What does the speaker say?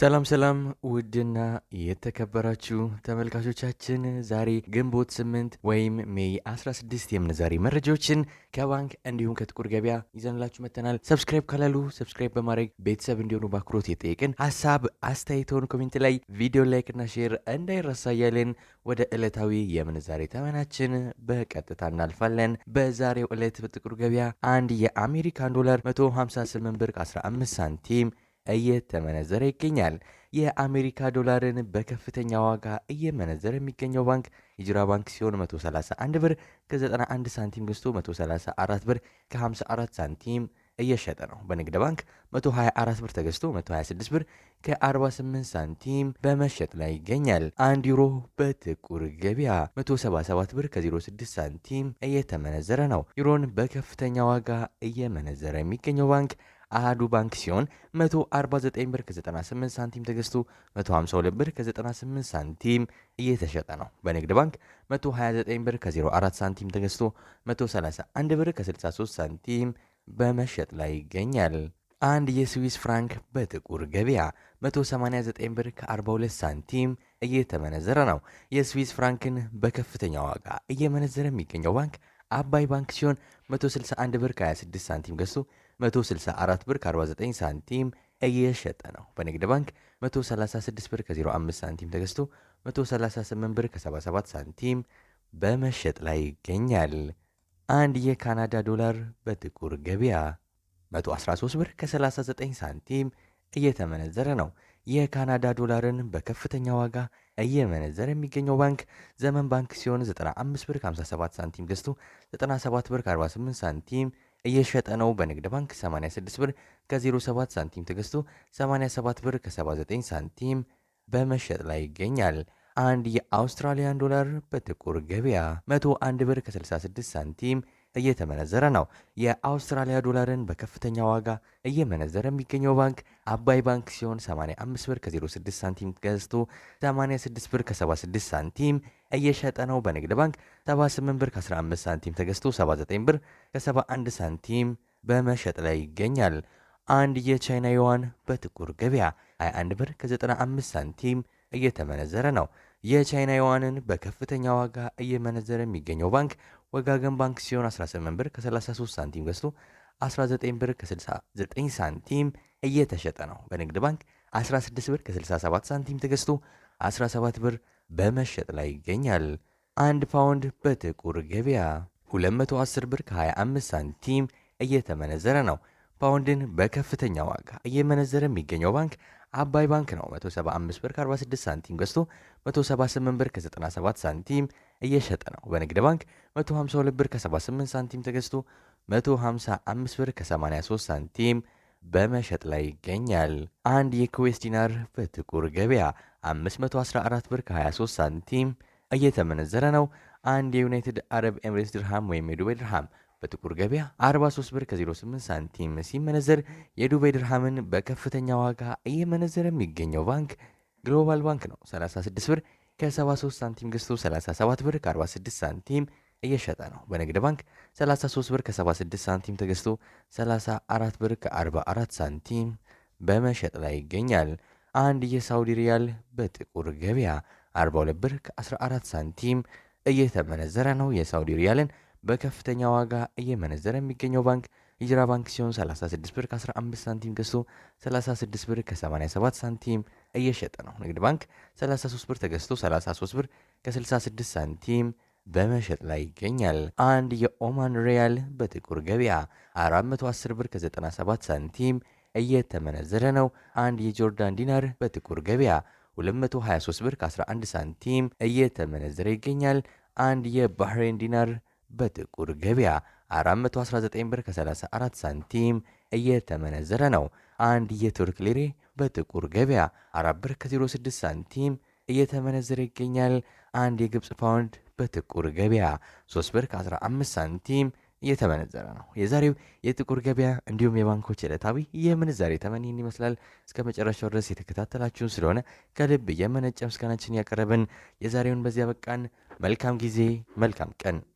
ሰላም ሰላም ውድና የተከበራችሁ ተመልካቾቻችን ዛሬ ግንቦት 8 ወይም ሜይ 16 የምንዛሬ መረጃዎችን ከባንክ እንዲሁም ከጥቁር ገበያ ይዘንላችሁ መተናል። ሰብስክራይብ ካላሉ ሰብስክራይብ በማድረግ ቤተሰብ እንዲሆኑ በአክብሮት የጠየቅን፣ ሀሳብ አስተያየተውን ኮሜንት ላይ ቪዲዮ ላይክና ሼር እንዳይረሳ ወደ ዕለታዊ የምንዛሬ ተመናችን በቀጥታ እናልፋለን። በዛሬው ዕለት በጥቁር ገበያ አንድ የአሜሪካን ዶላር 158 ብር 15 ሳንቲም እየተመነዘረ ይገኛል። የአሜሪካ ዶላርን በከፍተኛ ዋጋ እየመነዘረ የሚገኘው ባንክ ሂጅራ ባንክ ሲሆን 131 ብር ከ91 ሳንቲም ገዝቶ 134 ብር ከ54 ሳንቲም እየሸጠ ነው። በንግድ ባንክ 124 ብር ተገዝቶ 126 ብር ከ48 ሳንቲም በመሸጥ ላይ ይገኛል። አንድ ዩሮ በጥቁር ገበያ 177 ብር ከ06 ሳንቲም እየተመነዘረ ነው። ዩሮን በከፍተኛ ዋጋ እየመነዘረ የሚገኘው ባንክ አሃዱ ባንክ ሲሆን 149 ብር ከ98 ሳንቲም ተገዝቶ 152 ብር ከ98 ሳንቲም እየተሸጠ ነው። በንግድ ባንክ 129 ብር ከ04 ሳንቲም ተገዝቶ 131 ብር ከ63 ሳንቲም በመሸጥ ላይ ይገኛል። አንድ የስዊስ ፍራንክ በጥቁር ገበያ 189 ብር ከ42 ሳንቲም እየተመነዘረ ነው። የስዊስ ፍራንክን በከፍተኛ ዋጋ እየመነዘረ የሚገኘው ባንክ አባይ ባንክ ሲሆን 161 ብር ከ26 ሳንቲም ገዝቶ 164 ብር ከ49 ሳንቲም እየሸጠ ነው። በንግድ ባንክ 136 ብር ከ05 ሳንቲም ተገዝቶ 138 ብር ከ77 ሳንቲም በመሸጥ ላይ ይገኛል። አንድ የካናዳ ዶላር በጥቁር ገበያ 113 ብር ከ39 ሳንቲም እየተመነዘረ ነው። የካናዳ ዶላርን በከፍተኛ ዋጋ እየመነዘረ የሚገኘው ባንክ ዘመን ባንክ ሲሆን 95 ብር 57 ሳንቲም ገዝቶ 97 ብር 48 ሳንቲም እየሸጠ ነው። በንግድ ባንክ 86 ብር ከ07 ሳንቲም ተገዝቶ 87 ብር ከ79 ሳንቲም በመሸጥ ላይ ይገኛል። አንድ የአውስትራሊያን ዶላር በጥቁር ገበያ 101 ብር ከ66 ሳንቲም እየተመነዘረ ነው። የአውስትራሊያ ዶላርን በከፍተኛ ዋጋ እየመነዘረ የሚገኘው ባንክ አባይ ባንክ ሲሆን 85 ብር ከ06 ሳንቲም ገዝቶ 86 ብር ከ76 ሳንቲም እየሸጠ ነው። በንግድ ባንክ 78 ብር ከ15 ሳንቲም ተገዝቶ 79 ብር ከ71 ሳንቲም በመሸጥ ላይ ይገኛል። አንድ የቻይና ዩዋን በጥቁር ገበያ 21 ብር ከ95 ሳንቲም እየተመነዘረ ነው። የቻይና ዩዋንን በከፍተኛ ዋጋ እየመነዘረ የሚገኘው ባንክ ወጋገን ባንክ ሲሆን 18 ብር ከ33 ሳንቲም ገዝቶ 19 ብር ከ69 ሳንቲም እየተሸጠ ነው። በንግድ ባንክ 16 ብር ከ67 ሳንቲም ተገዝቶ 17 ብር በመሸጥ ላይ ይገኛል። አንድ ፓውንድ በጥቁር ገበያ 210 ብር ከ25 ሳንቲም እየተመነዘረ ነው። ፓውንድን በከፍተኛ ዋጋ እየመነዘረ የሚገኘው ባንክ አባይ ባንክ ነው። 175 ብር ከ46 ሳንቲም ገዝቶ 178 ብር ከ97 ሳንቲም እየሸጠ ነው። በንግድ ባንክ 152 ብር ከ78 ሳንቲም ተገዝቶ 155 ብር ከ83 ሳንቲም በመሸጥ ላይ ይገኛል። አንድ የኩዌስ ዲናር በጥቁር ገበያ 514 ብር ከ23 ሳንቲም እየተመነዘረ ነው። አንድ የዩናይትድ አረብ ኤምሬትስ ድርሃም ወይም የዱባይ ድርሃም በጥቁር ገበያ 43 ብር ከ08 ሳንቲም ሲመነዘር የዱባይ ድርሃምን በከፍተኛ ዋጋ እየመነዘረ የሚገኘው ባንክ ግሎባል ባንክ ነው። 36 ብር ከ73 ሳንቲም ገዝቶ 37 ብር ከ46 ሳንቲም እየሸጠ ነው። በንግድ ባንክ 33 ብር ከ76 ሳንቲም ተገዝቶ 34 ብር ከ44 ሳንቲም በመሸጥ ላይ ይገኛል። አንድ የሳውዲ ሪያል በጥቁር ገበያ 42 ብር ከ14 ሳንቲም እየተመነዘረ ነው። የሳውዲ ሪያልን በከፍተኛ ዋጋ እየመነዘረ የሚገኘው ባንክ የጅራ ባንክ ሲሆን 36 ብር ከ15 ሳንቲም ገዝቶ 36 ብር ከ87 ሳንቲም እየሸጠ ነው። ንግድ ባንክ 33 ብር ተገዝቶ 33 ብር ከ66 ሳንቲም በመሸጥ ላይ ይገኛል። አንድ የኦማን ሪያል በጥቁር ገበያ 410 ብር ከ97 ሳንቲም እየተመነዘረ ነው። አንድ የጆርዳን ዲናር በጥቁር ገበያ 223 ብር ከ11 ሳንቲም እየተመነዘረ ይገኛል። አንድ የባህሬን ዲናር በጥቁር ገበያ 419 ብር ከ34 ሳንቲም እየተመነዘረ ነው። አንድ የቱርክ ሊሬ በጥቁር ገበያ 4 ብር ከ06 ሳንቲም እየተመነዘረ ይገኛል። አንድ የግብፅ ፓውንድ በጥቁር ገበያ 3 ብር ከ15 ሳንቲም እየተመነዘረ ነው። የዛሬው የጥቁር ገበያ እንዲሁም የባንኮች ዕለታዊ የምንዛሬ ተመን ይህን ይመስላል። እስከ መጨረሻው ድረስ የተከታተላችሁን ስለሆነ ከልብ የመነጨ ምስጋናችን ያቀረብን፣ የዛሬውን በዚያ በቃን። መልካም ጊዜ፣ መልካም ቀን